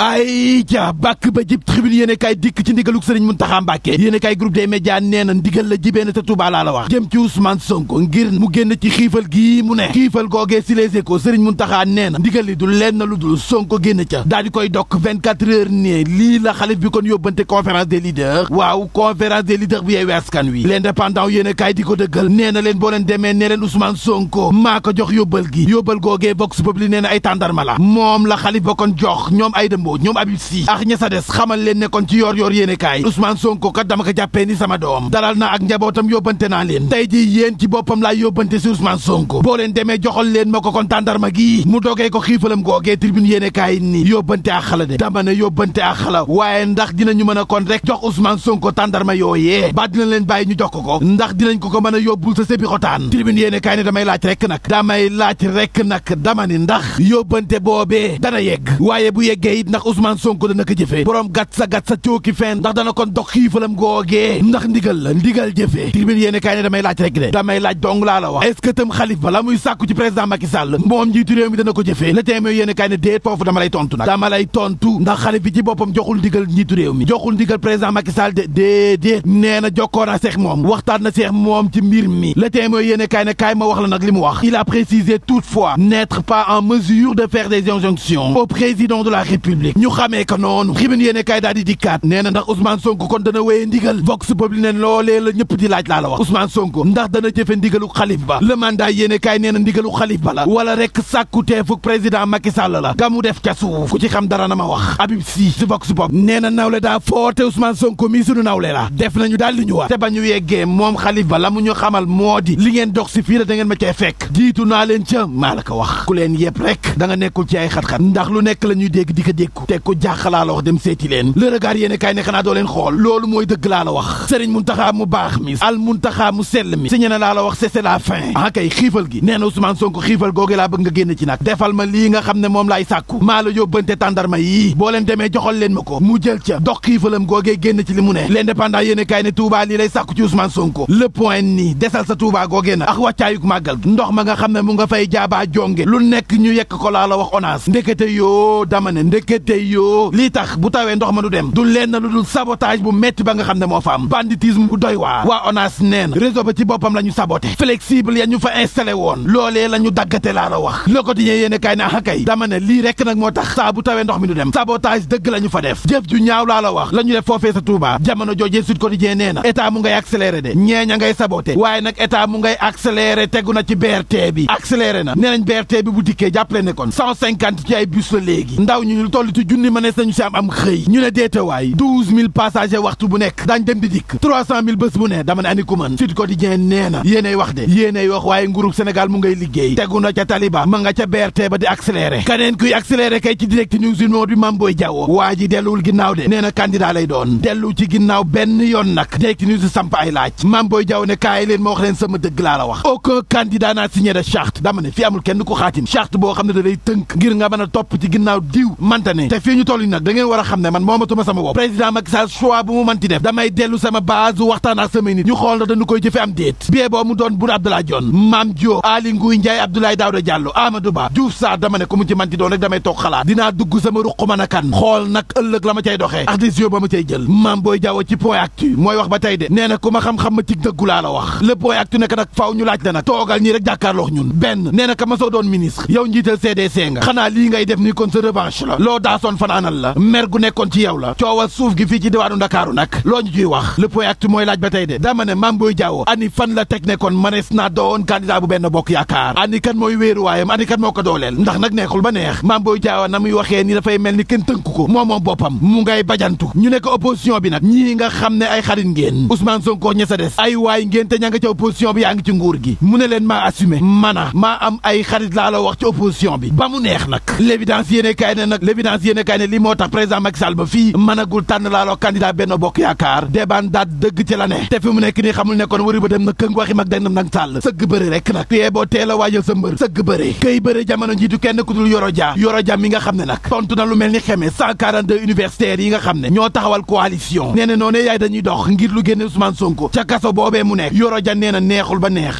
ay ja bàkk ba jib tribune yéen kay dikk ci ndigaluk sëriñ Muntaxa Mbàkke yéen kay groupe des médias nee na ndigal la jibeen te Tuuba laa la wax jëm ci Ousmane Sonko ngir mu génn ci xiifal gii mu ne xiifal googee si les échos sëriñ Muntaxa nee na ndigal li du leen na lu dul Sonko génn ca daal di koy dokk 24 heures ne lii la xalif bi kon yóbbante conférence des leaders waaw conférence des leaders bu yeewee askan wi l'indépendant yéen kay di ko dëggal nee na leen boo leen demee nee leen Ousmane Sonko maa ko jox yóbbal gi yóbbal googee vox populi nee na ay tàndarma moom la xalif ba kon jox ñoom ay dëmbo Dabo ñoom Habib Sy ak ña sa des xamal leen nekkoon ci yor yor yéene kaay Ousmane Sonko kat dama ko jàppee ni sama doom dalal na ak njabootam yóbbante naa leen tey ji yéen ci boppam laay yóbbante si Ousmane Sonko boo leen demee joxal leen ma ko kon tàndarma gii mu dogee ko xiifalam googee tribune yéene kaay ni yóbbante ak xala de dama ne yóbbante ak xala waaye ndax dinañu mën a kon rek jox Ousmane Sonko tàndarma yooyee ba dina leen bàyyi ñu jox ko ko ndax dinañ a sa sébi xotaan tribune yéene kaay ne rek nag damay laaj rek nag dama ni ndax yóbbante boobee dana yegg waaye ndax Ousmane Sonko dana ko jëfee borom gàtt sa gàtt sa cooki feen ndax dana kon dox xiifalam googee ndax ndigal la ndigal jëfee tribune yéeni kaay damay laaj rek de damay laaj dong laa la wax est-ce que tam xalif bala muy sàkku ci président Macky Sall moom njiitu réew mi dana ko jëfee le témoin yéeni kaay déet foofu dama lay tontu nag dama lay tontu ndax xalif bi ci boppam joxul ndigal njiitu réew mi joxul ndigal président Macky de déedéet nee na jokkoon a moom waxtaan na seex moom ci mbir mi le témoin yéeni kaay ne kaay li mu wax il a précisé toutefois n'être pas ñu xamee ko noonu tribune yéene kaay daal di dikkaat nee na ndax Ousmane Sonko kon dana wéyee ndigal Vox Populi ne loolee la ñëpp di laaj laa la wax Ousmane Sonko ndax dana jëfe ndigalu xalif ba le mandat yéene kaay nee na ndigalu xalif ba la wala rek sàkku teefuk président Macky la ga mu def ca suuf ku ci xam dara na ma wax Habib Sy si Vox Pop nee na nawle daa foote Ousmane Sonko mi sunu nawle la def nañu daal li ñu wax te ba ñu yeggee moom xalif ba la mu ñu xamal moo di li ngeen dox da ngeen ma cee fekk jiitu naa leen ca ko wax ku leen yëpp rek da nga nekkul ay xat ndax lu nekk la ñuy dégg di ko dégg sàkku te ku jàq laa la wax dem seeti leen le regard yéen kaay ne xanaa doo leen xool loolu mooy dëgg laa la wax sëriñ Muntaxa mu baax mi al Muntaxa mu sell mi si ñene laa la wax c'est la fin ah kay xiifal gi nee na Ousmane Sonko xiifal googu laa bëgg nga génn ci nag defal ma lii nga xam ne moom laay sàkku maa la yóbbante tàndarma yii boo leen demee joxal leen ma ko mu jël ca dox xiifalam googee génn ci li mu ne l'indépendant yéen kaay ne Touba lii lay sàkku ci Ousmane Sonko le point nii sa Touba googee ak wàccaayuk màggal gi ndox ma nga xam ne mu nga fay jaabaa jonge lu nekk ñu yekk ko laa la wax onaas ndekete yoo dama ne ndekete député yoo lii tax bu tawee ndox ma du dem du leen lu dul sabotage bu metti ba nga xam ne moo fa am banditisme bu doy waa waa ONAS neen réseau ba ci boppam la ñu saboté flexible ya ñu fa installé woon loolee la ñu daggate laa la wax Le Quotidien yéene kaay na ah xakay dama ne lii rekk nag moo tax saa bu tawee ndox mi du dem sabotage dëgg la fa def jëf ju ñaaw laa la wax la def foofee sa Touba jamono joojee Sud Quotidien nee na état mu ngay accéléré de ñeeña ngay bi accéléré na ne kon 150 ci ay bus la léegi ndaw julliti junni mënees nañu si am am xëy ñu ne deetewaay 12000 passagers waxtu bu nekk daañ dem di dikk 300000 bés bu ne dama ne ani ku man Sud Quotidien nee na yéenay wax de yéenay wax waaye nguurub Sénégal mu ngay liggéey tegu na ca taliba ma nga ca BRT ba di accéléré kaneen kuy accéléré kay ci direct news moo di Mame Boye waa ji delluwul ginnaaw de nee na candidat lay doon dellu ci ginnaaw benn yoon nag direct news samp ay laaj Mame Boye Diao ne kaay leen a topp ci ginnaaw diw waxtaane te fii ñu toll nag da ngeen war a xam ne man moomatuma sama bopp président Macky Sall choix bu mu manti def damay dellu sama base waxtaan ak samay nit ñu xool na dañu koy jëfe am déet bie mu doon Boun Abdallah Dionne Mame Diop Aly Ngouille Ndiaye Abdoulaye Daouda Diallo Amadou Ba Diouf Sarr dama ne ku mu ci manti doon rek damay toog xalaat dinaa dugg sama ruq mën a kan xool nag ëllëg la ma cay doxee ak décision ba ma cay jël Mame Boye Diao ci na ku xam ma ci dëggu laa la wax le point actu nekk nag faaw ñu laaj la nag toogal saasoon fanaanal la mer gu nekkoon ci yow la coowal suuf gi fii ci diwaanu ndakaaru nag loo ñu ciy wax le point actu mooy laaj ba tey de dama ne Mame Boye Diao ani fan la teg nekkoon manees naa doon candidat bu benn bokk yaakaar ani kan mooy wéeruwaayam ani kan moo ko dooleel ndax nag neexul ba neex Mame Boye Diao na muy waxee ni dafay mel ni kenn ko moom moom boppam mu ngay bajantu ñu nekk opposition bi nag ñii nga xam ne ay xarit ngeen Ousmane Sonko ña sa des nga bi yaa ngi ci nguur gi mu ne leen maa assumé ay xarit laa la wax ci bi ba mu neex nag l'évidence yéene kaay ne L'As yéen kay ne li moo tax président Macky ba fii mënagul tànn laaloo candidat Bokk Yaakaar déban daat dëgg ci la ne te fi mu nekk nii xamul nekkoon wari ba dem na këng waxi mag day nam sëgg bëri rek nag yee boo teel a waajal sa mbër sëgg bëri këy bëri jamono ji du kenn ku dul Yoro mi nga xam ne nag tontu na lu mel ni xeme 142 universitaires yi nga xam ne ñoo taxawal coalition nee na yaay dañuy dox ngir lu génne Ousmane ba neex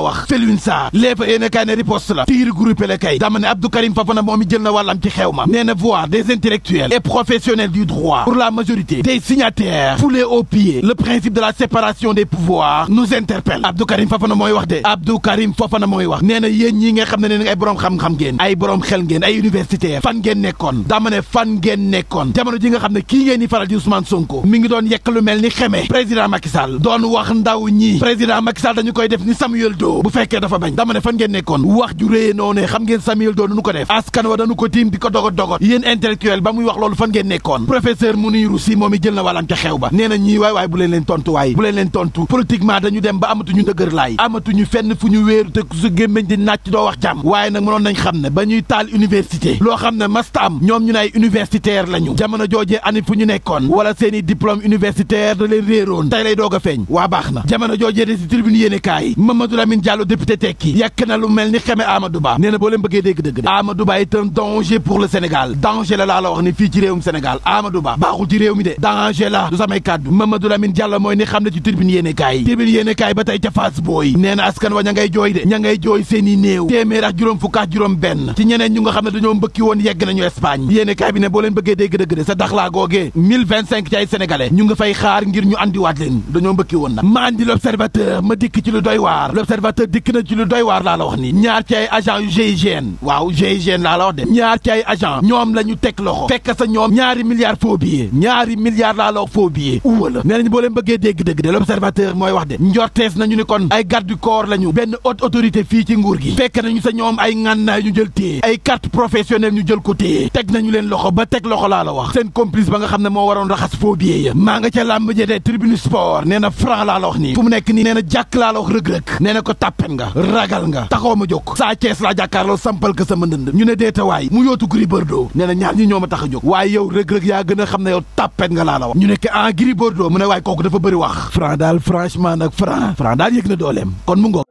la wax Felwine Sarr lépp yéen kaay ne riposte la tiir groupé la kay dama ne Abdou Karim Fofana moom it jël na wàllam ci xew ma nee voir des intellectuels et professionnels du droit pour la majorité des signataires foulés aux pieds principe de la séparation des pouvoirs nous interpelle Abdou Karim Fofana mooy wax de Abdou Karim Fofana mooy wax nee na ñi nga xam ne nee ay boroom xam-xam ngeen ay boroom xel ngeen ay universitaire fan ngeen nekkoon dama ne fan bu fekkee dafa bañ dama ne fan ngeen nekkoon wax ju réyee xam ngeen Samuel Doe nu ko def askan wa dañu ko tiim di ko dogot dogot yéen intellectuel ba muy wax loolu fan ngeen nekkoon professeur Mouniru Si moom i jël na wàllam ca xew ba nee na ñii waay waay bu leen leen tontu bu leen leen tontu politiquement dañu dem ba amatuñu ndëgër amatuñu fenn fu ñu wéeru te su gémmiñ di nàcc doo wax jàmm waaye nag mënoon nañ xam ne ba ñuy taal université a Lamine Diallo député tekki yàkk na lu mel ni xeme Amadou Ba nee bëggee dégg dëgg de Amadou Ba danger pour le Sénégal danger la laa la wax ni fii ci réewum Sénégal Amadou baaxul ci réew mi de danger la du samay kàddu Mamadou Lamine Diallo mooy ni xam ne ci tribune yéene kaay tribune ba tey ca Fass Boy nee askan wa ña ngay jooy de ña ngay jooy seen néew téeméer ak juróom fukk juróom benn ci ñeneen ñu nga xam ne dañoo mbëkki woon l'observateur dikk na ci lu doy ñoom la ñu teg loxo fekk sa ñoom ñaari milliards faux billets ñaari milliards la wax faux billets uwa la nee nañ boo leen mooy wax de njortees nañu ni kon ay garde corps la ñu benn haute autorité fii ci nguur gi fekk nañu sa ñoom ay ngànnaay ñu jël téye ay carte professionnelle ñu jël ko téye teg nañu leen loxo ba teg loxo laa la wax seen complice ba nga xam ne moo waroon raxas faux billets ya maa nga ca làmb je de tribune sport nee franc laa la wax nii fu mu nekk nii nee na jàkk laa la wax rëg-rëg nee na ko tàppen nga ragal nga taxaw ma jóg saa Cees laa jàkkaarloo sampal ko sama ndënd ñu ne deetawaay mu yootu Gris Bordeaux nee na ñaar ñi ñoo ma tax a jóg waaye yow rëg-rëg yaa gën a xam ne yow tàppen nga laa la wax ñu ne ke en ah, Gris Bordeaux mu ne waaye kooku dafa bëri wax franc daal franchement nag franc franc daal yëg na dooleem kon mu ngoog